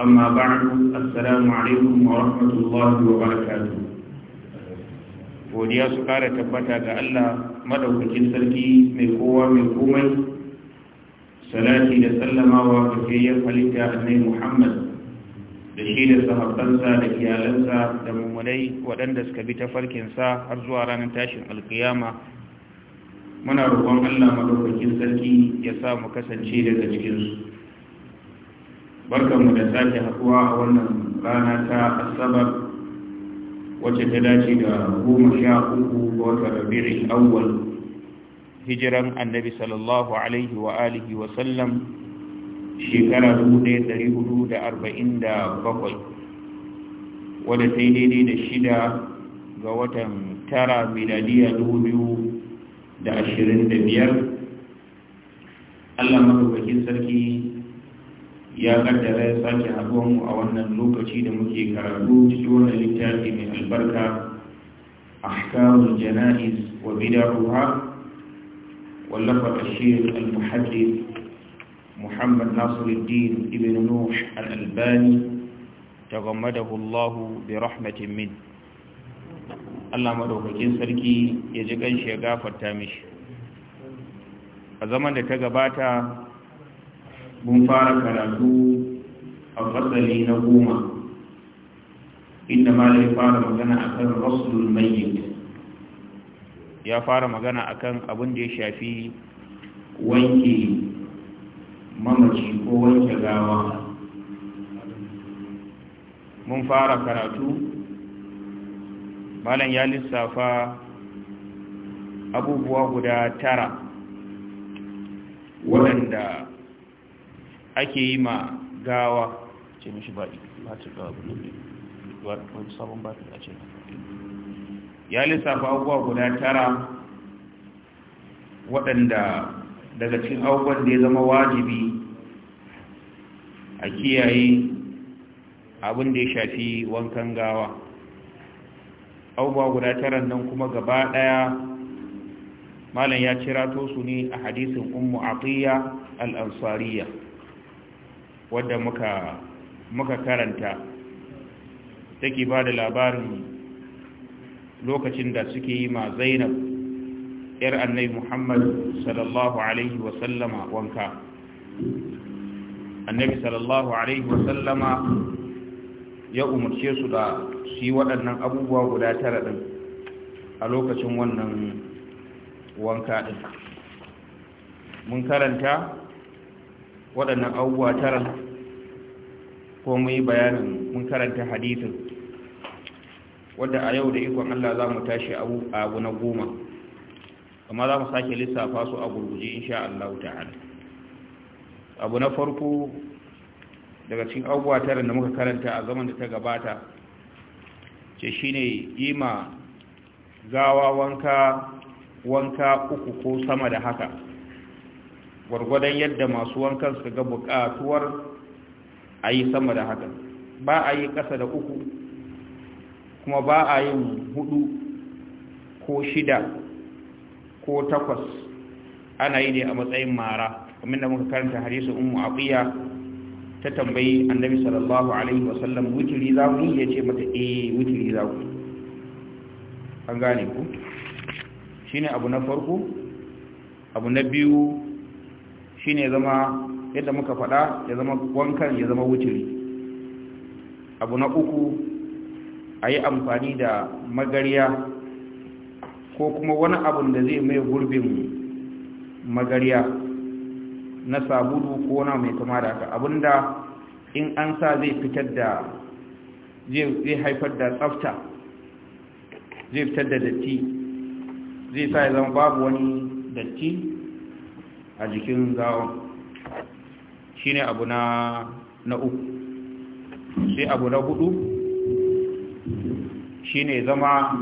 أما بعد السلام عليكم ورحمة الله وبركاته godiya su kara tabbata ga Allah madaukakin sarki mai kowa mai komai salati da sallamawa ga fiyayyen halitta annai Muhammad da shi da sahabbansa da iyalansa da mummunai waɗanda suka bi ta farkinsa, har zuwa ranar tashin alkiyama muna roƙon Allah madaukakin sarki ya sa mu kasance daga cikinsu mu da sake haɗuwa a wannan rana ta asabar wacce ta dace da goma sha uku ga watan rabi'in awwal hijiran annabi sallallahu alaihi wa alihi wa sallam shekara 1447 wadda ta yi daidai da shida ga watan tara miladiya 2025 Allah maɗaukakin sarki ya kaddara ya sake haɗuwan mu a wannan lokaci da muke karatu cikin wannan littafi mai albarka ahkamul jana'iz wa bid'aha wallafa ashir al Muhammad Nasiruddin ibn Nuh al-Albani tagammadahu Allah bi rahmatin min Allah maɗaukakin sarki ya ji ƙanshi ya gafarta mishi a zaman da ta gabata mun fara karatu a fasali na goma inda malai fara magana a akan rasulul mayyit ya fara magana a kan abin da ya shafi wanke mamaci ko wanke gawa mun fara karatu malam ya lissafa abubuwa guda tara waɗanda ake yi ma gawa ce mishi ba ta gawa wani sabon ba ta ce ya lissafa abubuwa guda tara waɗanda daga cikin abubuwan da ya zama wajibi a kiyaye abin da ya shafi wankan gawa abubuwa guda tara nan kuma gaba ɗaya malam ya cira to su ne a hadisin ummu atiya al-ansariya wadda muka muka karanta take ba da labarin lokacin da suke yi ma zainab yar annai muhammad sallallahu alaihi wasallama wanka annabi sallallahu alaihi wasallama ya umarce su da su waɗannan abubuwa guda tara ɗin a lokacin wannan wanka ɗin mun karanta waɗannan abubuwa tara ko mu yi bayanin mun karanta hadisin wadda a yau da ikon Allah za mu tashi abu na goma amma za mu sake lissafa su a gurguje insha Allah ta'ala abu na farko daga cikin abubuwa tara da muka karanta a zaman da ta gabata ce shine ima gawa wanka wanka uku ko sama da haka gwargwadon yadda masu wankan su ga buƙatuwar a yi sama da hakan ba a yi ƙasa da uku kuma ba a yin hudu ko shida ko takwas ana yi ne a matsayin mara kamar da muka karanta hadisin ummu aqiya ta tambayi annabi sallallahu alaihi wasallam wuturi za ku ya ce mata eh wuturi za ku an gane ku shine abu na farko abu na biyu shine ya zama yadda muka faɗa ya zama wankan ya zama wuturi abu na uku a yi amfani da magariya ko kuma wani abu da zai mai gurbin magariya na sabulu ko na mai kama da haka abinda in an sa zai fitar da zai haifar da tsafta zai fitar da datti zai sa ya zama babu wani datti a jikin shi shine abu na uku sai abu na hudu shine zama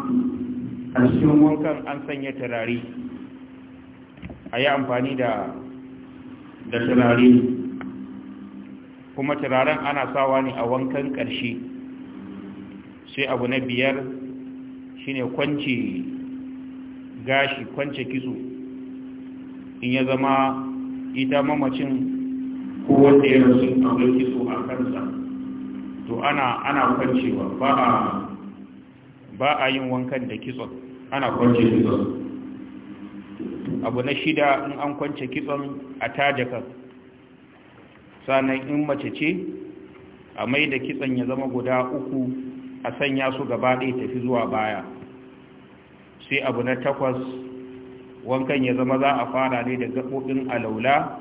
a cikin wankan an sanya tarari, a yi amfani da tarari. kuma turaren ana sawa ne a wankan ƙarshe sai abu na biyar shine kwanci gashi kwanci kitso in ya zama ita mamacin ko wanda ya rasu a ɗauki so a kansa to ana ana kwancewa ba a ba a yin wankan da kitson ana kwance kitson abu na shida in an kwance kitson a taje kan sannan in mace ce a mai da kitson ya zama guda uku a sanya su gaba ɗaya tafi zuwa baya sai abu na takwas wankan ya zama za a fara ne da gaɓoɓin alaula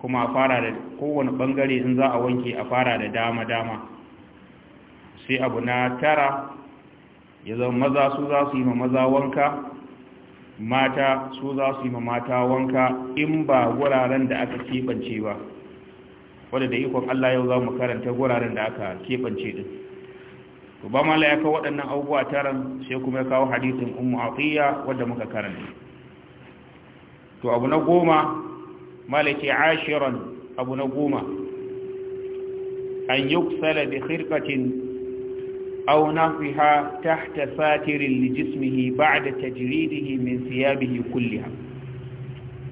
kuma a fara da kowane ɓangare in za a wanke a fara da dama-dama sai abu na tara ya zama maza su za su yi ma maza wanka mata su za su yi ma mata wanka in ba wuraren da aka keɓance ba wadda da ikon Allah yau za mu karanta wuraren da aka keɓance din ba mala ya kawo waɗannan abubuwa taron sai kuma ya kawo hadisin umu aqiya wadda muka karanta to abu na goma maliki ashirin abu na goma an yuksala bi khirqatin aw nafiha tahta satirin li jismihi ba'da tajridihi min thiyabihi kulliha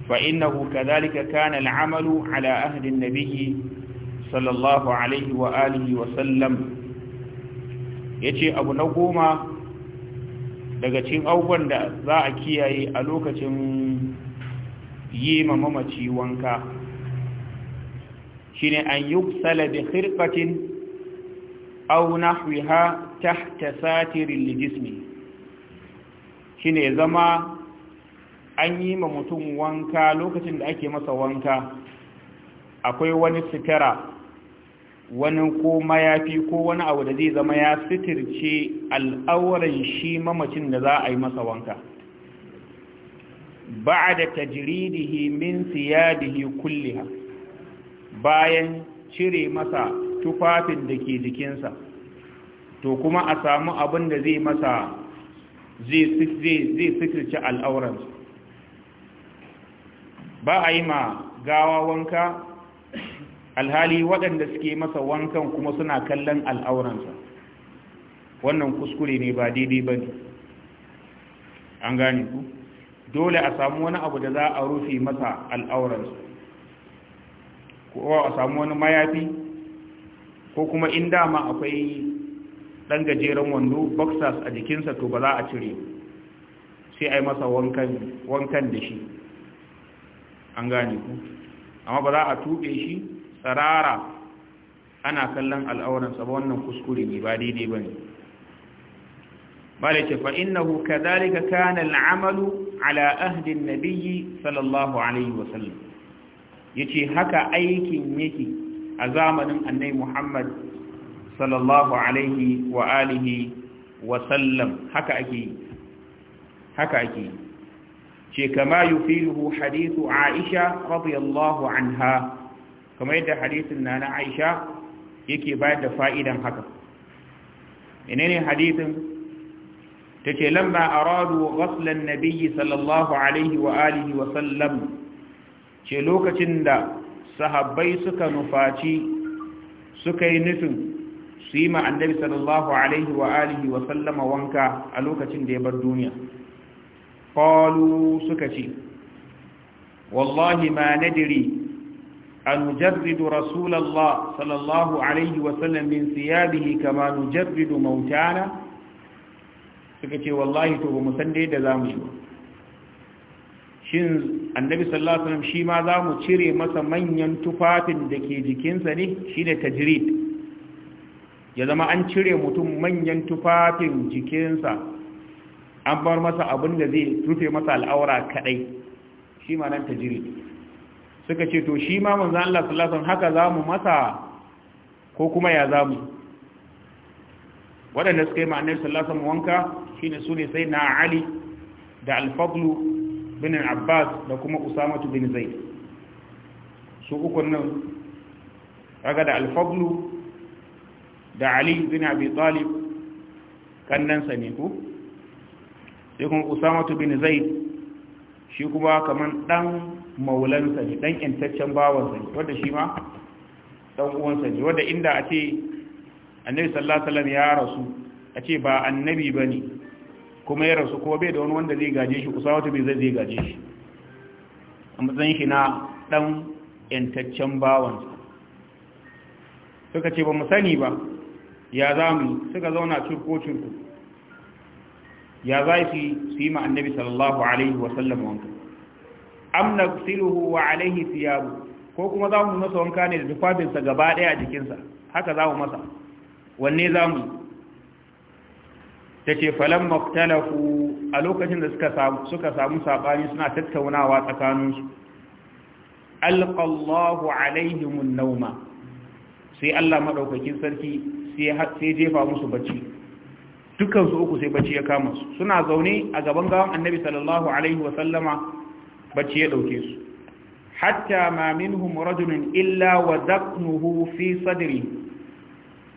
fa innahu kadhalika kana al'amalu ala ahli an-nabiy sallallahu alayhi wa wa sallam yace abu na goma daga cikin abubuwan da za a kiyaye a lokacin yi ma mamaci wanka shine an yi bi khirqatin aw nahwiha ta satirin lijismi shine zama an yi ma mutum wanka lokacin da ake masa wanka akwai wani sitara wani ko mayafi ko wani abu da zai zama ya sitirce al'auran shi mamacin da za a yi masa wanka ba'da tajridihi min siyadihi kulliha bayan cire masa tufafin da ke jikinsa to kuma a samu abin da zai masa zai sikirci al'auransa. ba a yi ma gawa wanka alhali waɗanda suke masa wankan kuma suna kallon al'auransa wannan kuskure ne ba daidai ba ne an gane ku dole a samu wani abu da za a rufe masa al'auransu ko a samu wani mayafi ko kuma in dama akwai ɗan gajeren wando boxers a jikinsa to ba za a cire sai a yi masa wankan da shi an gane ku amma ba za a tuɓe shi sarara. ana kallon al'auransa ba wannan kuskure ne ba daidai ba ne ba da ce fa'in na kanan ala أهد nabiyyi صلى الله عليه وسلم يتي هكا Muhammad يكي أزامن أني محمد صلى الله عليه وآله وسلم haka ake هكا أكي ce kama yufiluhu hadithu Aisha radiyallahu anha kamar yadda hadithin nana Aisha yake bayar da fa'idan haka menene hadithin tace lamma aradu ghaslan nabiyyi sallallahu alaihi wa alihi wa sallam ce lokacin da sahabbai suka nufaci suka yi nufin su yi ma annabi sallallahu alaihi wa alihi wa wanka a lokacin da ya bar duniya qalu suka ce wallahi ma nadri an nujarridu rasulallah sallallahu alaihi wa sallam min thiyabihi kama nujarridu mautana suka ce wallahi to ba mu san dai da za mu yi ba shin annabi sallallahu alaihi wasallam shi ma za mu cire masa manyan tufafin da ke jikinsa ne ne tajrid ya zama an cire mutum manyan tufafin jikinsa an bar masa abin da zai rufe masa al'aura kadai shi ma nan tajrid suka ce to shi ma manzo Allah sallallahu alaihi wasallam haka za mu masa ko kuma ya za mu waɗanda suka yi ma annabi sallallahu alaihi wasallam wanka ne su ne sai na ali da alfadlu bin abbas da kuma usamatu bin zaid su uku nan raga da alfadlu da ali bin abi talib sa ne ku sai kuma usamatu bin zaid shi kuma kaman dan maulansa ne dan yantaccen bawansa ne wanda shi ma dan uwansa ne wanda inda a ce annabi sallallahu alaihi wasallam ya rasu a ce ba annabi bane kuma ya rasu kuma bai da wani wanda zai gaje shi kusa wata bai zai gaje shi a matsayin shi na ɗan yantaccen bawansa suka ce ba mu sani ba ya za mu suka zauna curko curko ya za su su yi ma’annabi sallallahu alaihi wa sallam wanka am siluhu wa alaihi thiyabu ko kuma za mu masa wanka ne da tufafinsa gaba ɗaya a jikinsa haka za mu masa wanne za mu yi ta ce falon maktalafu a lokacin da suka samu saɓani suna tattaunawa tsakaninsu alƙallahu alaihimun nauma sai Allah maɗaukakin sarki sai jefa musu bacci dukansu uku sai bacci ya kama su suna zaune a gaban gawan annabi sallallahu alaihi wasallama bacci ya ɗauke su hatta ma minhum rajulun illa wa zaknuhu fi sadri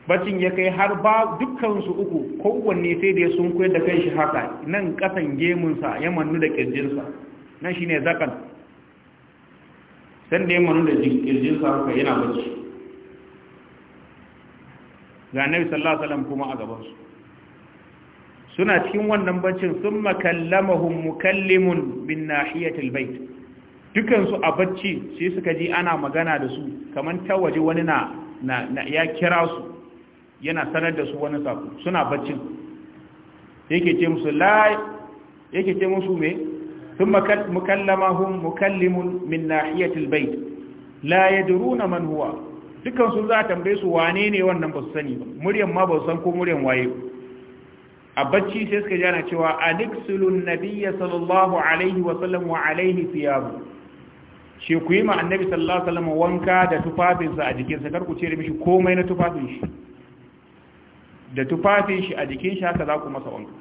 bacin ya kai har ba dukkansu uku kowanne sai da ya sun koyar da kai shi haka nan kasan gemunsa ya manu da kirjinsa nan shi ne zakan san da ya manu da kirjinsa haka yana bacci ga nabi sallallahu alaihi wasallam kuma a gabansu suna cikin wannan baccin sun makallamahum mukallimun bin nahiyatil bait dukansu a bacci sai suka ji ana magana da su kamar ta waje wani na ya kira su yana sanar da su wani sako suna baccin yake ce musu la yake ce musu me thumma mukallamahum mukallimun min nahiyati albayt la yadruna man huwa dukan su za tambaye su wane ne wannan ba su sani ba muryan ma ba su san ko muryan waye a bacci sai suka jana cewa aniksulun Nabiya sallallahu alaihi wa sallam wa alaihi thiyabu shi ku yi ma annabi sallallahu alaihi wa sallam wanka da tufafinsa a jikinsa kar ku cire mishi komai na tufafin shi da tufafin shi a jikin shi haka za ku masa wanka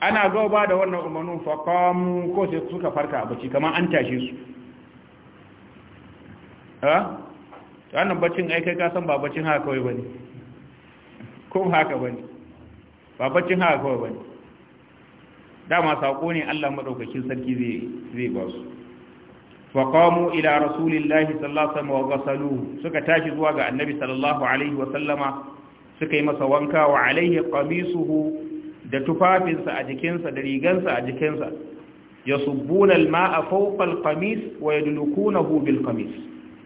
ana zo ba da wannan umarnin faƙamu ko sai suka farka a bacci kamar an tashe su ha? wannan baccin aikai kasan ba baccin haka kawai ba ne ko haka ba ne ba baccin haka kawai ba ne dama saƙo ne allah maɗaukakin sarki zai ba su فقاموا إلى رسول الله صلى الله suka tashi zuwa ga annabi sallallahu alaihi wa sallama suka yi masa wanka wa alaihi qamisuhu da tufafinsa a jikinsa da rigansa a jikinsa ya yasubbuna alma'a fawqa alqamis wa yadlukunahu bilqamis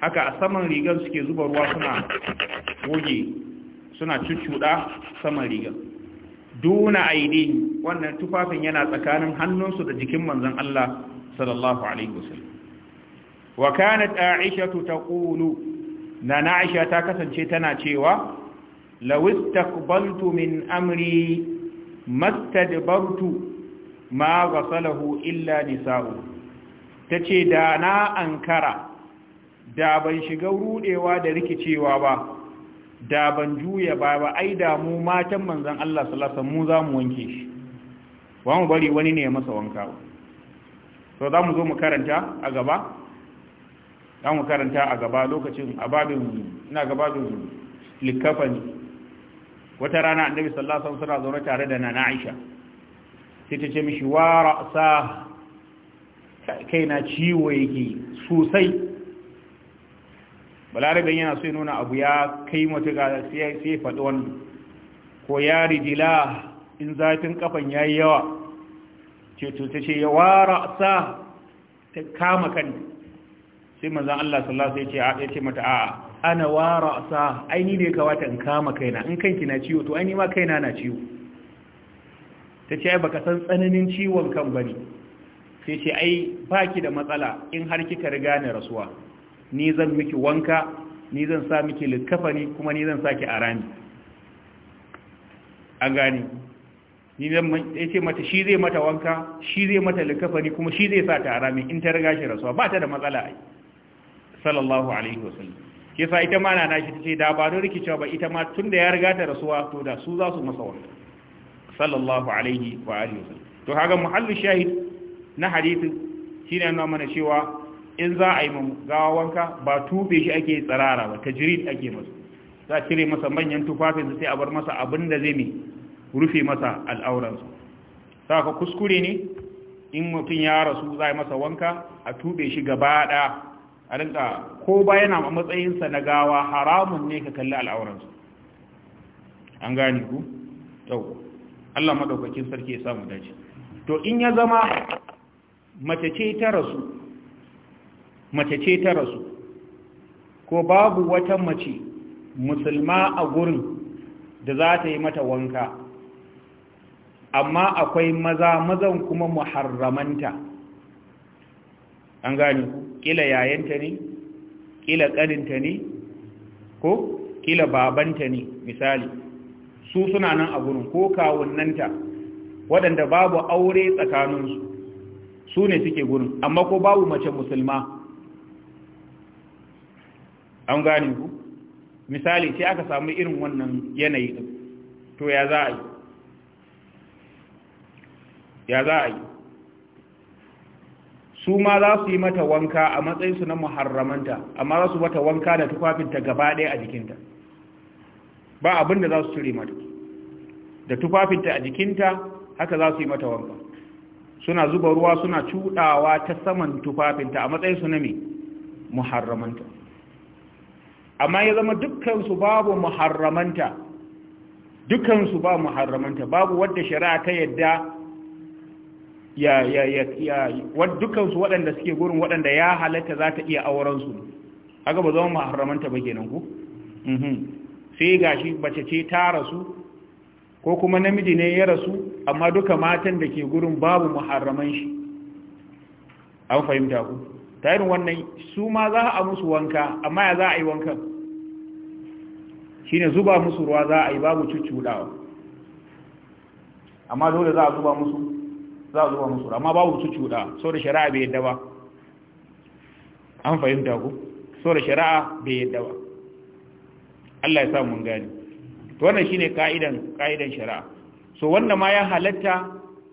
haka a saman rigan suke zuba ruwa suna goge suna cuccuda saman rigar duna aidin wannan tufafin yana tsakanin hannunsu da jikin manzon Allah sallallahu alaihi wasallam wa kanat aisha taqulu na na'isha ta kasance tana cewa لو استقبلت من أمري ما استدبرت ما غسله إلا نساؤه تشي دانا أنكرا da ban shiga rudewa da rikicewa ba da ban juya ba ba ai da mu matan manzon Allah sallallahu alaihi wasallam mu za mu wanke shi ba mu bari wani ne ya masa wanka to za mu zo mu karanta a gaba za mu karanta a gaba lokacin ababin ina gababin likafani wata rana annabi sallallahu alaihi wasallam zaune tare da nana Aisha sai ta ce mishi wa ra'sa kaina ciwo yake sosai balarabin yana so nuna abu ya kai matuka sai ya faɗi wannan ko ya rijila in zafin kafan ya yi yawa ce ta ce ya wa ra'sa ta kama kan sai manzon Allah sallallahu sai ce a ce mata a ana wa ra'sa ai ni ne kawata in kama kaina in kanki na ciwo to ai ni ma kaina na ciwo Ta ce ai baka san tsananin ciwon kan bari sai ce ai baki da matsala in har kika riga ni rasuwa ni zan miki wanka ni zan sa miki likafani kuma ni zan saki arami an gani ni zan yace mata shi zai mata wanka shi zai mata likafani kuma shi zai sa ta arami in ta riga shi rasuwa ba ta da matsala ai sallallahu alaihi wasallam kisa ita ma na nashi ta ce da ba don rikicewa ba ita ma tun da ya riga ta rasuwa to da su za su masa wanda sallallahu alaihi wa alihi to haga muhallu shahid na hadisi shine yana mana cewa in za a yi mu gawa wanka ba tube shi ake tsarara ba tajrid ake masa za a cire masa manyan tufafin sai a bar masa abin da zai mai rufe masa al'auransu sa ka kuskure ne in mutum ya rasu za a yi masa wanka a tube shi gaba ɗaya a rinka ko ba yana a matsayinsa na gawa haramun ne ka kalli al'auransu an gane ku yau Allah madaukakin sarki ya samu dace to in ya zama mace ce ta rasu mace ce ta rasu ko babu wata mace musulma a gurin da za ta yi mata wanka amma akwai maza mazan kuma muharramanta an gani kila yayanta ne kila ƙarinta ne ko kila babanta ne misali su suna nan a gurin ko kawunnanta waɗanda babu aure tsakaninsu su ne suke gurin amma ko babu mace musulma an gane ku misali sai aka samu irin wannan yanayi to ya za a yi ya za a yi su ma za su yi mata wanka a matsayinsu na muharramanta amma za su mata wanka da tufafinta gaba ɗaya a jikinta ba abin da za su cire mata da tufafinta a jikinta haka za su yi mata wanka suna zuba ruwa suna cuɗawa ta saman tufafinta a matsayinsu na mai muharramanta amma ya zama dukkansu babu muharramanta dukkansu ba muharramanta babu wadda shari'a ta yadda ya ya ya dukkansu waɗanda suke gurin waɗanda ya halatta za ta iya aurensu haka ba zama maharramanta ba kenan ku mhm. sai gashi bace ce ta rasu ko kuma namiji ne ya rasu amma duka matan da ke gurin babu maharraman shi an fahimta ku ta irin wannan su ma za a musu wanka amma ya za a yi wankan shine zuba musu ruwa za a yi babu cuccuɗawa amma dole za a zuba musu za a zuba musu amma babu su cuɗa so da shari'a bai yadda ba an fahimta ku so da shari'a bai yadda ba Allah ya sa mun gani to wannan shine ka'idan ka'idan shari'a so wanda ma ya halatta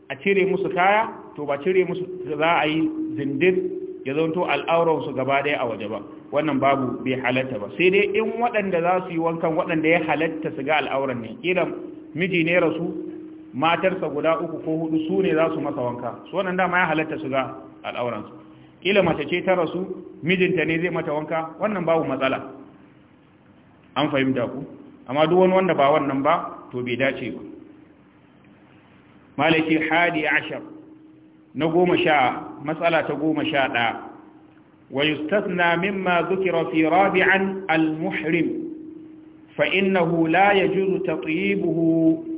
a cire musu kaya to ba cire musu za a yi zindir ya zonto al'auran su gaba daya a waje ba wannan babu bai halatta ba sai dai in waɗanda za su yi wankan waɗanda ya halatta su ga al'auran ne kiran miji ne rasu matarsa guda uku ko hudu su ne za su masa wanka su wannan dama ya halatta su ga al'auransu kila mace ce ta rasu mijinta ne zai mata wanka wannan babu matsala an fahimta ku amma duk wani wanda ba wannan ba to bai dace ba malaki hadi ashar na goma sha matsala ta goma sha ɗaya wa yustasna mimma zukira fi rabi'an al-muhrim fa innahu la yajuzu tatyibuhu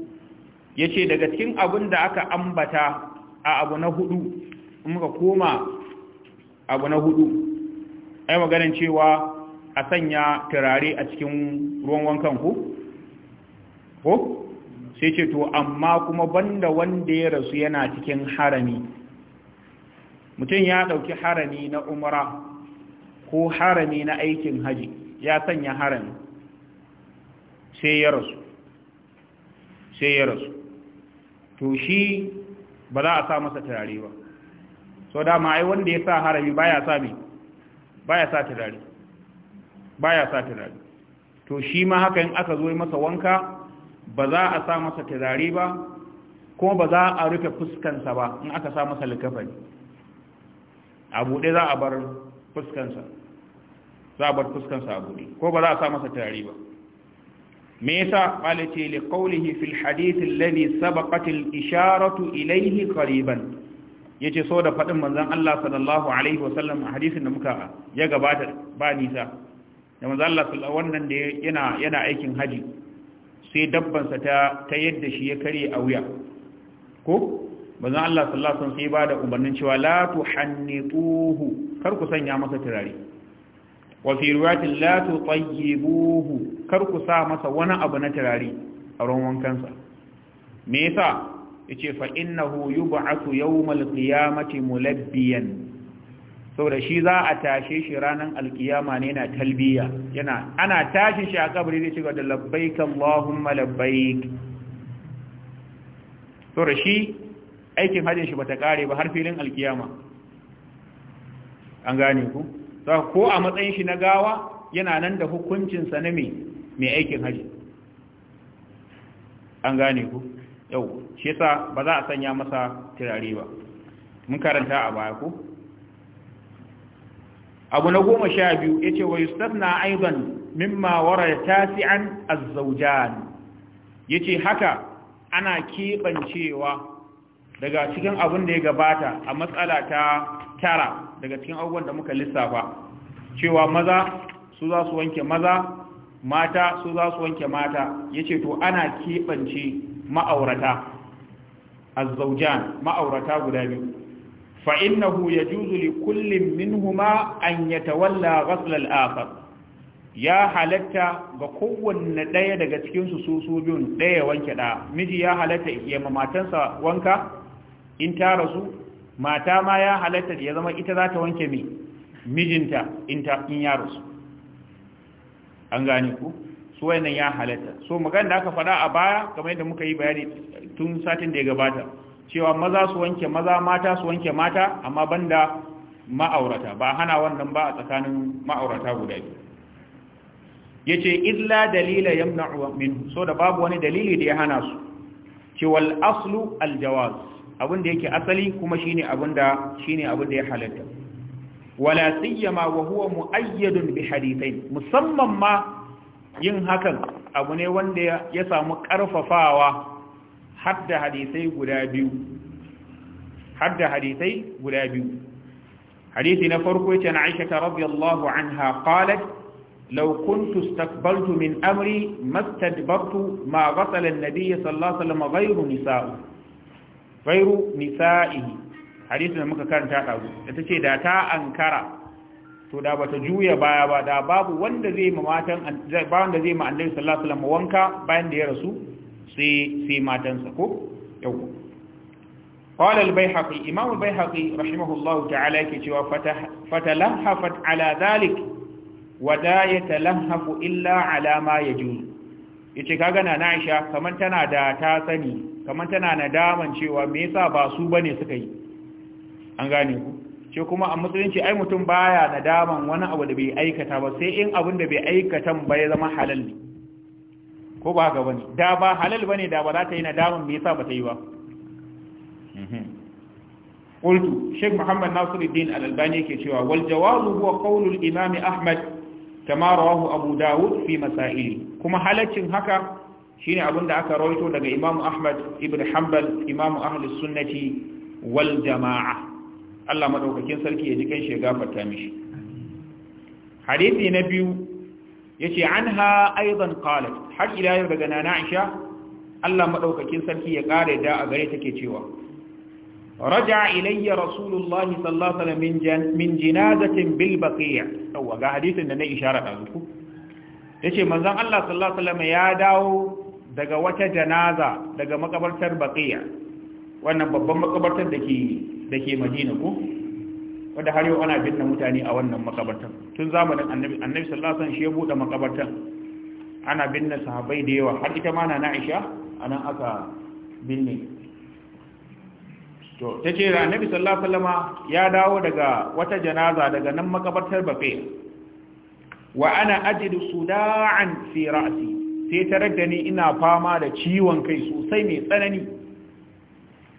Ya ce daga cikin abin da aka ambata a abu na hudu in muka koma abu na hudu ai maganin cewa a sanya turare a cikin ruwan wankan ku ko sai ce to amma kuma banda wanda ya rasu yana cikin harami mutum ya dauki harami na umara ko harami na aikin haji ya sanya harami sai ya rasu sai ya rasu to shi ba za a sa masa turare ba so dama ai wanda ya sa harami baya sa ba baya sa turare baya sa turare to shi ma haka in aka zo masa wanka ba za a sa masa turare ba ko ba za a rufe fuskansa ba in aka sa masa likafani a buɗe za a bar fuskansa za a bar fuskansa a buɗe ko ba za a sa masa turare ba me yasa malati li qawlihi fil hadith alladhi sabaqat al isharatu ilayhi Ya yace so da fadin manzon Allah sallallahu alaihi wasallam a hadisin da muka ya gabata ba nisa da manzon Allah sallallahu wannan da yana yana aikin haji sai dabbansa ta ta yadda shi ya kare a wuya ko manzon Allah sallallahu alaihi wasallam sai ba da umarnin cewa la tuhannituhu kar ku sanya masa turare wa fi riwayatin la tutayyibuhu kar ku sa masa wani abu na turare a ruwan wankansa me yasa yace fa innahu yub'athu yawmal qiyamati mulabbiyan saboda shi za a tashe shi ranar alkiyama ne na talbiya yana ana tashi shi a kabari zai cigaba da labbaik Allahumma labbaik saboda shi aikin hajjin shi bata kare ba har filin alkiyama an gane ku ko a matsayin shi na gawa yana nan da hukuncinsa na me mai aikin Hajji an gane ku yau shi yasa ba za a sanya masa turare ba mun karanta a baya ku abu na goma sha biyu ya ce wa na aizan mimma wara tasi'an azzaujan ya ce haka ana keɓancewa daga cikin abin da ya gabata a matsala ta tara daga cikin abubuwan da muka lissafa cewa maza su za su wanke maza mata su za su wanke mata yace to ana keɓance ma'aurata azzaujan ma'aurata guda biyu fainnahu ya juzuli kullum min minhuma an yatawalla tawalla al-akhar ya halatta ga kowanne ɗaya daga cikinsu su su biyun ɗaya wanke ɗaya miji ya halatta ya ma matansa wanka in ta rasu mata ma ya halatta ya zama ita za ta wanke mijinta in ya rasu an gane ku su wannan ya halatta so magana da aka faɗa a baya kamar yadda muka yi bayani tun satin da ya gabata cewa maza su wanke maza mata su wanke mata amma banda ma'aurata ba hana wannan ba a tsakanin ma'aurata guda biyu yace illa dalila yamna'u min so da babu wani dalili da ya hana su cewa wal aslu al-jawaz abin da yake asali kuma shine abin shine abin da ya halatta wala siyama wa huwa muayyadun bi hadithain musamman ma yin hakan abu ne wanda ya samu karfafawa hadda hadisai guda biyu hadda hadisai guda biyu hadisi na farko yace na Aisha radiyallahu anha qalat law kuntu istakbaltu min amri mastadbartu ma ghasala an-nabiy sallallahu alaihi wasallam ghayru nisa'u ghayru nisa'ihi hadisin da muka karanta ɗazu da ta ce da ta ankara to da bata juya baya ba da babu wanda zai ma matan ba wanda zai ma annabi sallallahu alaihi wasallam wanka bayan da ya rasu sai sai matansa ko yau قال البيحقي إمام البيحقي رحمه الله تعالى كتوا فتح فتلهفت على ذلك ودا يتلهف إلا على ما يجوز yace kaga na Aisha kaman tana da ta sani kaman tana nadaman cewa me yasa ba su bane suka yi an gane ku ce kuma a musulunci ai mutum baya nadaman wani abu da bai aikata ba sai in abin da bai aikatan ba ya zama halal ne ko ba haka bane da ba halal bane da ba za ta yi nadaman me yasa ba ta yi ba mhm. qultu sheikh muhammad nasiruddin al-albani yake cewa wal jawazu huwa qawlu al-imam ahmad kama rawahu abu dawud fi masaili kuma halaccin haka shine da aka rawaito daga imam ahmad ibn hanbal imam ahlus sunnati waljama'a. Allah madaukakin sarki ya ji kai shi gafarta mishi hadisi na biyu yace anha aidan qalat har ila yau daga nana Aisha Allah madaukakin sarki ya kare da a gare take cewa raja ilayya rasulullah sallallahu alaihi wasallam min janazatin bil baqiya yawa ga hadisin da na ishara da ku yace manzon Allah sallallahu alaihi wasallam ya dawo daga wata janaza daga makabartar baqiya wannan babban makabartar da ke da ke madina ko wanda har yau ana binne mutane a wannan makabartan tun zamanin annabi annabi sallallahu alaihi wasallam shi ya bude makabartan ana binne sahabbai da yawa har ita ma na Aisha anan aka binne to tace da annabi sallallahu alaihi wasallam ya dawo daga wata janaza daga nan makabartar bafe wa ana ajidu suda'an fi ra'si sai tarar da ni ina fama da ciwon kai sosai mai tsanani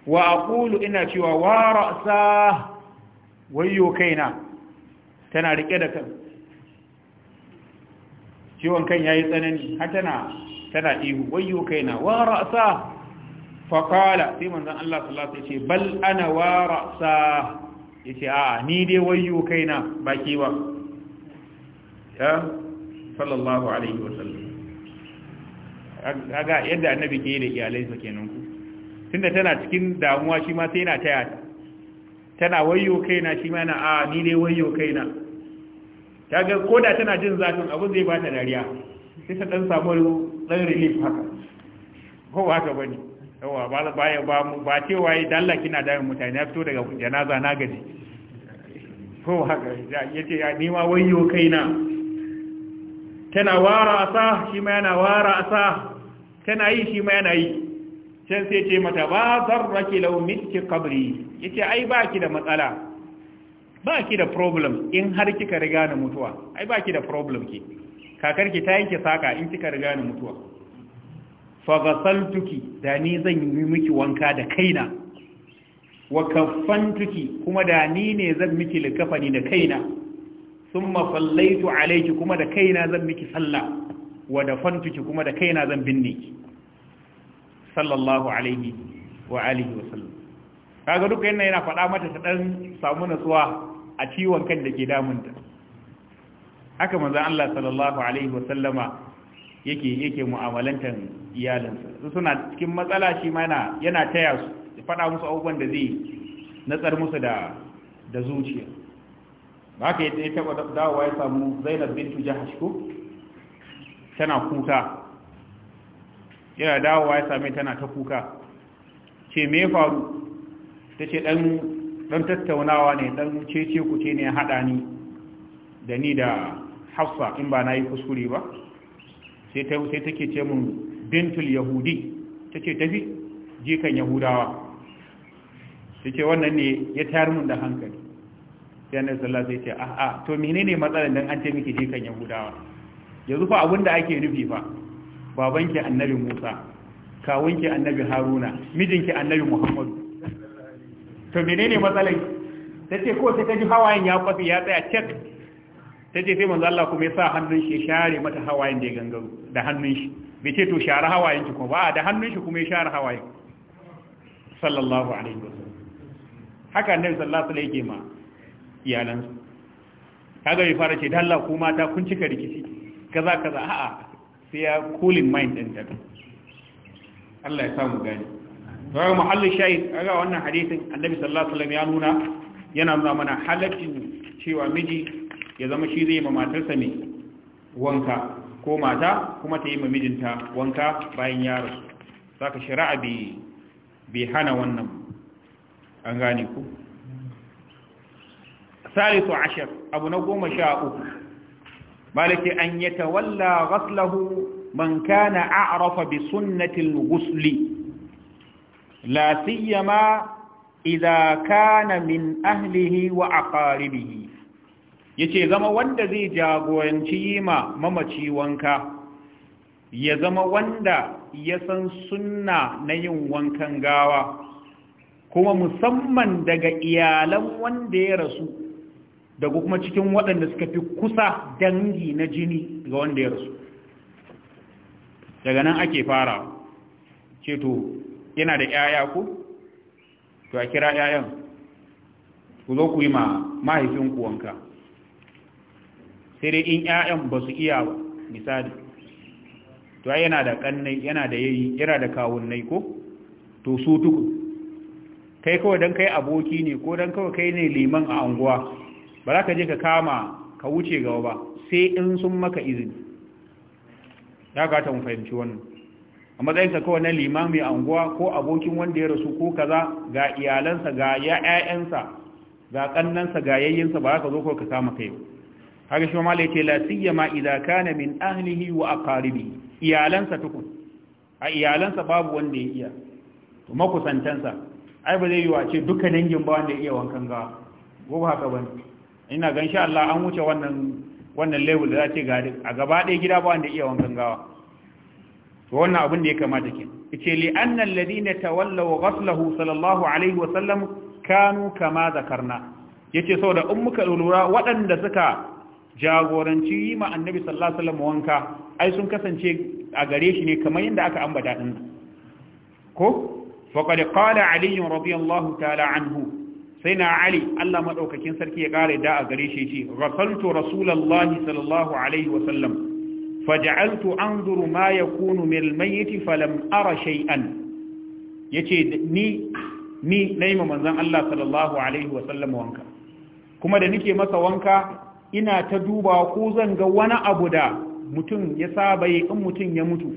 wa aqulu ina cewa wa ra'sa wayyo kaina tana rike da kan ciwon kan yayi tsanani har tana tana ihu wayyo kaina wa ra'sa fa qala sai manzon Allah sallallahu alaihi wasallam ce bal ana wa ra'sa yace a ni dai wayyo kaina baki ba ya sallallahu alaihi wasallam kaga yadda annabi ke yi da iyalai sa kenan tunda tana cikin damuwa shi ma sai yana taya ta tana wayyo kaina shi ma yana a ni ne wayyo kaina ta ga koda tana jin zafin abin zai bata dariya sai ta dan samu dan relief haka ko ta bane yawa ba ba ba ba ce yi dalla kina da mutane ya fito daga janaza na gaji ko ya yace ya ni ma wayyo kaina tana wara asa shi ma yana wara asa tana yi shi ma yana yi sai sai ce mata ba zarraki law mitki qabri yace ai ba ki da matsala ba ki da problem in har kika riga na mutuwa ai ba ki da problem ki kakar ki ta yanke saka in kika riga na mutuwa fa ghasaltuki da ni zan yi miki wanka da kaina wa kaffantuki kuma da ni ne zan miki likafani da kaina summa sallaitu alayki kuma da kaina zan miki sallah wa dafantuki kuma da kaina zan binne ki sallallahu alaihi wa alihi wa sallam kaga duka yana yana faɗa mata ta dan samu nasuwa a ciwon kan da ke damunta haka manzon Allah sallallahu alaihi wa sallama yake yake mu'amalantan iyalinsa su suna cikin matsala shi ma yana yana taya su ya faɗa musu abubuwan da zai natsar musu da da zuciya ba ka yi taɓa dawowa ya samu zainab bintu jahash ko tana kuka yana dawowa ya same tana ta kuka ce me ya faru ta ce ɗan tattaunawa ne ɗan cece ku ce ne haɗa ni da ni da hafsa in ba na yi kuskure ba sai take ce mun bintul yahudi ta ce tafi jikan yahudawa ta ce wannan ne ya tayar mun da hankali sai annabi sallallahu sai ce a'a to menene matsalar dan an ce miki jikan yahudawa yanzu fa abinda ake nufi fa babanki annabi Musa kawunki annabi Haruna mijinki annabi Muhammadu to menene matsalai? tace ko sai ta ji hawayen ya kwafi ya tsaya cek tace sai manzo Allah kuma ya sa hannun shi share mata hawayen da ya gangaro da hannun shi bai ce to share hawayen ki ko ba da hannun shi kuma ya share hawayen sallallahu alaihi wasallam haka annabi sallallahu alaihi wasallam yake ma iyalansa kaga bai fara ce dalla ku mata kun cika rikici kaza kaza a'a sai ya cooling mind din ta Allah ya samu gani to ga muhallin shayi ga wannan hadisin annabi sallallahu alaihi wasallam ya nuna yana nuna mana halaccin cewa miji ya zama shi zai ma matarsa mai wanka ko mata kuma ta yi ma mijinta wanka bayan yaro. saka shari'a bi bai hana wannan an gane ku salisu ashar abu na goma sha uku malaki an yatawalla ghaslahu man kana a'rafa bi sunnati al-ghusli la siyama idza kana min ahlihi wa aqaribihi yace zama wanda zai jagoranci yima mamaci wanka ya zama wanda ya san sunna na yin wankan gawa kuma musamman daga iyalan wanda ya rasu da kuma cikin waɗanda suka fi kusa dangi na jini ga wanda ya rasu daga nan ake fara ce to yana da 'ya'ya ku to a kira 'ya'yan ku zo ku yi ma mahaifinku wanka sai dai in 'ya'yan ba su iya ba misali to ai yana da kannai yana da yayi yana da kawunnai ko to su tuku kai kawai don kai aboki ne ko don kawai kai ne liman a anguwa ba za ka je ka kama ka wuce gaba ba sai in sun maka izini ya gata mu fahimci wannan a matsayin kawai na mai anguwa ko abokin wanda ya rasu ko kaza ga iyalansa ga ya'yansa ga kannansa ga yayyinsa ba za ka zo kawai ka kama kai haka shi mala yake la siyama idza kana min ahlihi wa aqaribi iyalansa tukun a iyalansa babu wanda ya iya to makusantansa ai ba zai yi wa ce duka dangin ba wanda ya iya wankan gawa Gobe haka bane ina gan insha Allah an wuce wannan wannan level da zace gari a gaba ɗaya gida ba wanda iya wankan gawa to wannan abin da ya kamata ke yace li anna alladhina tawallaw ghaslahu sallallahu alaihi wa sallam kanu kama zakarna yace saboda in muka lura waɗanda suka jagoranci yi ma annabi sallallahu alaihi wasallam wanka ai sun kasance a gare shi ne kamar yadda aka ambata din ko faqad qala ali radiyallahu ta'ala anhu sai na ali Allah maɗaukakin sarki ya kare da a gare shi ce rasaltu rasulullahi sallallahu alaihi wa sallam faj'altu anzuru ma yakunu min al falam ara shay'an yace ni ni nayi manzon Allah sallallahu alaihi wa wanka kuma da nike masa wanka ina ta duba ko zan ga wani abu da mutum ya saba yi in mutum ya mutu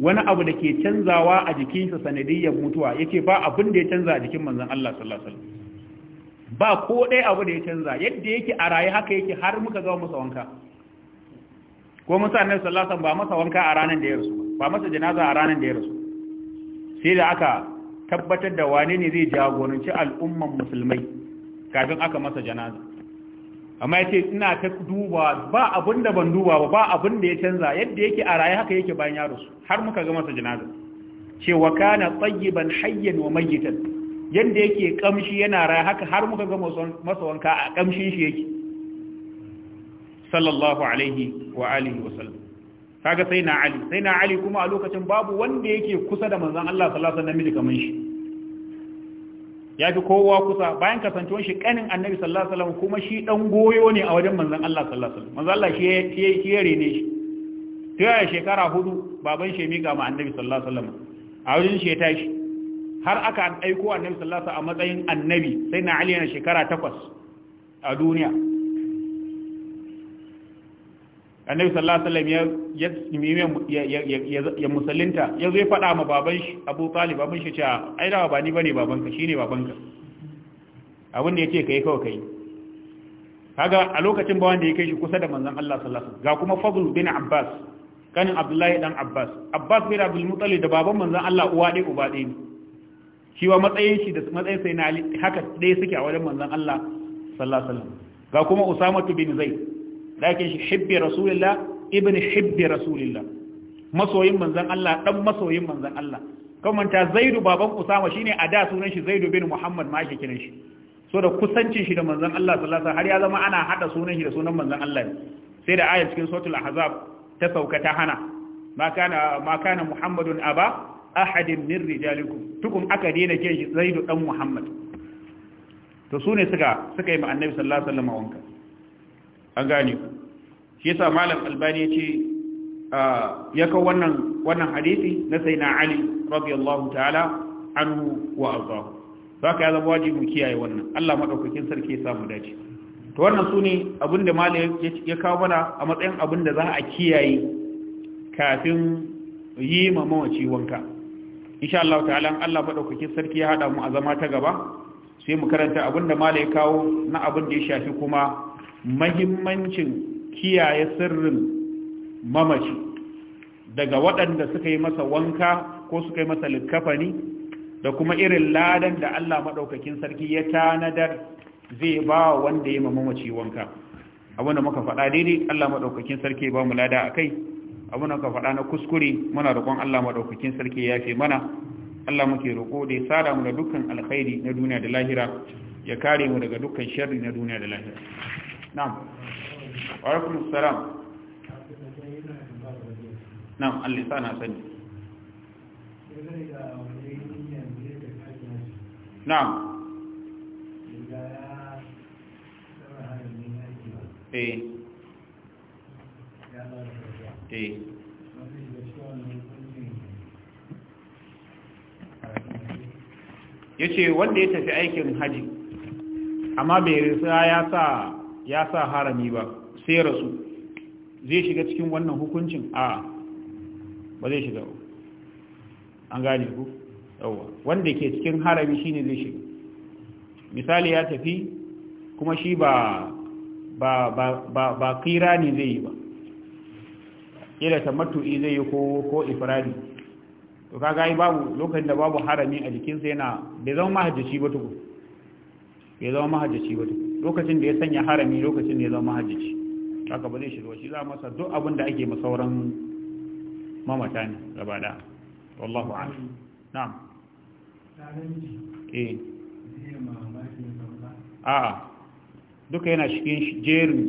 wani abu da ke canzawa a jikinsa sanadiyyar mutuwa yace ba abin da ya canza a jikin manzon Allah sallallahu alaihi wa ba ko ɗaya abu da ya canza yadda yake a raye haka yake har muka ga masa wanka ko musa annabi sallallahu alaihi ba masa wanka a ranar da ya rasu ba masa janaza a ranar da ya rasu sai da aka tabbatar da wane ne zai jagoranci al'umman musulmai kafin aka masa janaza amma yace ina ta duba ba abin da ban duba ba ba abin da ya canza yadda yake a raye haka yake bayan ya rasu har muka ga masa janaza cewa kana tayyiban hayyan wa mayyitan yadda yake kamshi yana raya haka har muka ga masawanka a kamshin shi yake sallallahu alaihi wa alihi wa sallam kaga sai na ali sai na ali kuma a lokacin babu wanda yake kusa da manzon Allah sallallahu alaihi namiji kaman shi ya fi kowa kusa bayan kasancewar shi kanin annabi sallallahu alaihi sallam kuma shi dan goyo ne a wajen manzon Allah sallallahu alaihi sallam manzon Allah shi ya yare ne shi tun shekara hudu baban shi mika ma annabi sallallahu alaihi sallam a wajen shi ya tashi har aka aiko annabi sallallahu alaihi a matsayin annabi sai na ali na shekara takwas a duniya annabi sallallahu alaihi wasallam ya ya ya musallinta ya zo ya fada ma baban shi Abu Talib baban shi cewa ai da ba ni bane babanka shine ka abin da yace kai kawai kai kaga a lokacin ba wanda ya kai shi kusa da manzon Allah sallallahu alaihi wasallam ga kuma Fadl bin Abbas kanin Abdullahi dan Abbas Abbas bin Abdul Muttalib da baban manzon Allah uwa ɗaya uba ɗaya shi wa matsayin shi da matsayin sai na ali haka dai suke a wajen manzon Allah sallallahu alaihi wasallam ga kuma usama bin zaid lakin shi hibbi rasulillah ibn hibbi rasulillah masoyin manzon Allah dan masoyin manzon Allah kan ta zaidu baban usama shine a da sunan shi zaidu bin muhammad ma ake kiran shi so da kusancin shi da manzon Allah sallallahu alaihi wasallam har ya zama ana hada sunan shi da sunan manzon Allah ne sai da ayat cikin suratul ahzab ta sauka ta hana ma kana ma kana muhammadun aba ahadin min rijalikum tukun aka daina ke shi zaidu dan muhammad to su ne suka suka yi ma annabi sallallahu alaihi wasallam wanka an gane ku shi yasa malam albani ya ce ah, ya kawo wannan wannan hadisi na sayyidina ali radiyallahu ta'ala anhu wa ardahu zaka ya zama wajibi mu kiyaye wannan Allah madaukakin sarki ya samu dace to wannan sune abinda malam ya kawo mana a matsayin abinda za a kiyaye kafin yi ma mawaci wanka insha Allah ta'ala Allah madaukakin sarki ya hada mu a zama ta gaba sai mu karanta abin da mala ya kawo na abin da ya shafi kuma mahimmancin kiyaye sirrin mamaci daga waɗanda suka yi masa wanka ko suka yi masa likafani, da kuma irin ladan da Allah maɗaukakin sarki ya tanadar zai ba wanda ya mamaci wanka Abun da muka faɗa daidai Allah maɗaukakin sarki ba mu lada akai abin da ka faɗa na kuskure muna roƙon Allah madaukakin sarki ya fi mana Allah muke roƙo da ya sada mu da dukkan alkhairi na duniya da lahira ya kare mu daga dukkan sharri na duniya da lahira na'am wa alaikum assalam na'am ya na sani na'am eh Eh. ya ce wanda ya tafi aikin haji amma bai risa ya sa harami ba sai rasu zai shiga cikin wannan hukuncin a ba zai shiga an gane ku yauwa wanda ke cikin harami shine zai shiga misali ya tafi kuma shi ba ba ba, ba kira ne zai yi ba ila tamattu'i zai yi ko ko ifradi to kaga ai babu lokacin da babu harami a jikinsa yana bai zama mahajjaci ba tuku. bai zama mahajjaci ba tuku. lokacin da ya sanya harami lokacin da ya zama mahajjaci haka ba zai shiga shi za masa duk abin da ake masauran mamata ne gaba da wallahu a'lam na'am eh a'a duka yana cikin jerin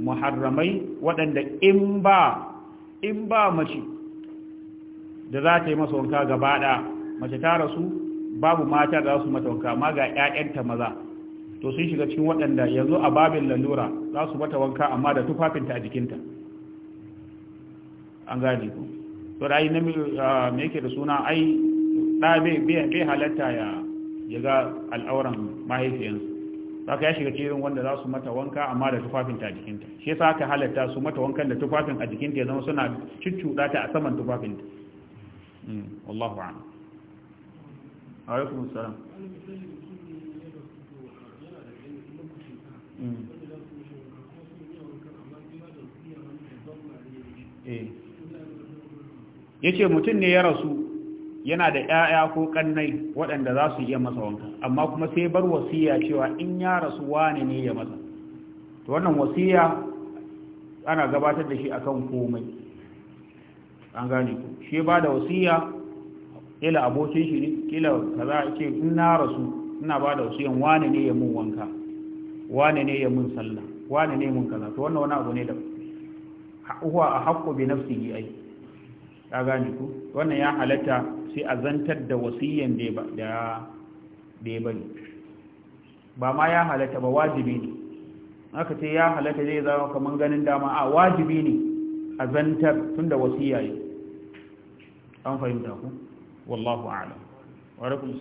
muharramai waɗanda in ba in ba mace da za ta yi masa wanka gaba ɗaya mace ta rasu babu mata da za su mata wanka amma ga 'ya'yanta maza to sun shiga cikin waɗanda yanzu a babin lalura za su mata wanka amma da tufafinta a jikinta an gane ku to da na me yake da suna ai ɗa bai halatta ya ga al'auran mahaifiyansu haka ya shiga cikin wanda za su mata wanka amma da tufafinta a jikinta shi yasa aka halatta su mata wankan da tufafin a jikinta ya zama suna cuccuɗa ta a saman tufafinta hmm, wallahu a'lam alaikum assalam hmm. eh. yace mutum ne ya rasu yana da ƴaƴa ko kannai waɗanda za su iya masa wanka amma kuma sai bar wasiya cewa in ya rasu wane ne ya masa to wannan wasiya ana gabatar da shi akan komai an gane ku shi ba da wasiya ila abokin shi ne kila a ce in na rasu ina ba da wasiyan wane ne ya mun wanka wane ne ya mun sallah wane ne mun kaza to wannan wani abu ne da huwa a haƙƙo bi nafsihi ai ka gane ku wannan ya halatta sai a zantar da wasiyan da ya bari ba ma ya halatta ba wajibi ne aka ce ya halatta zai zama kamar ganin dama a wajibi ne a zantar tun da wasiya yi an fahimta ku wallahu a'lam wa alaikum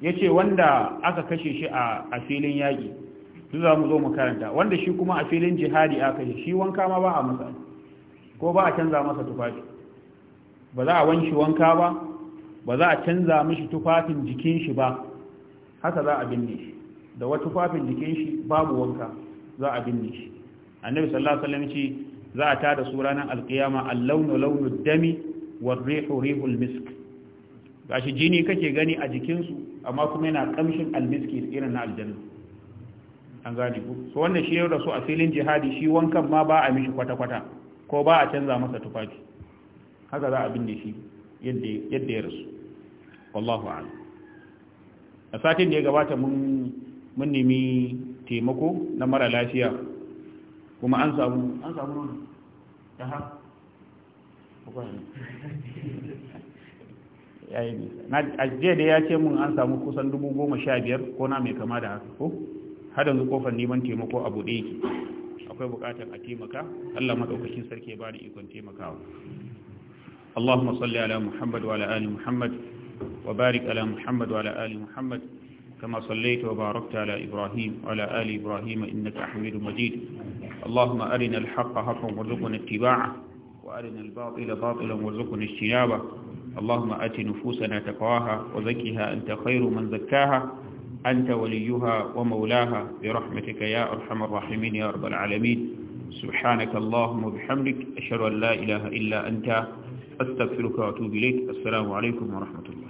ya ce wanda aka kashe shi a filin yaƙi su za mu zo mu karanta wanda shi kuma a filin jihadi aka yi shi wanka ma ba a masa ko ba a canza masa tufafi ba za a wanshi wanka ba ba za a canza mishi tufafin jikin shi ba haka za a binne shi da wata tufafin jikin shi babu wanka za a binne shi annabi sallallahu alaihi wasallam ce za a tada su ranar alkiyama al-launu launu dami wa rihu rihul misk gashi jini kake gani a jikin su amma kuma yana kamshin almiski irin na aljanna an gane ku so wannan shi ya rasu a filin jihadi shi wankan ma ba a mishi kwata-kwata ko ba a canza masa tufafi haka za a binne shi yadda ya rasu wallahu a'lam a satin da ya gabata mun mun nemi taimako na mara lafiya kuma an samu an samu nuna ta ha ya yi ne na ajiye da ya ce mun an samu kusan dubu goma sha biyar ko na mai kama da haka ko har yanzu kofar neman taimako a buɗe yake akwai bukatan a taimaka Allah madaukakin sarki ya bada ikon taimakawa Allahumma salli ala Muhammad wa ala ali Muhammad wa barik ala Muhammad wa ala ali Muhammad كما صليت وباركت على إبراهيم وعلى آل إبراهيم إنك حميد مجيد اللهم أرنا الحق حقا وارزقنا اتباعه وأرنا الباطل باطلا وارزقنا اجتنابه اللهم آت نفوسنا تقواها وزكها أنت خير من أنت وليها ومولاها برحمتك يا أرحم الراحمين يا رب العالمين سبحانك اللهم وبحمدك أشهد أن لا إله إلا أنت أستغفرك وأتوب إليك السلام عليكم ورحمة الله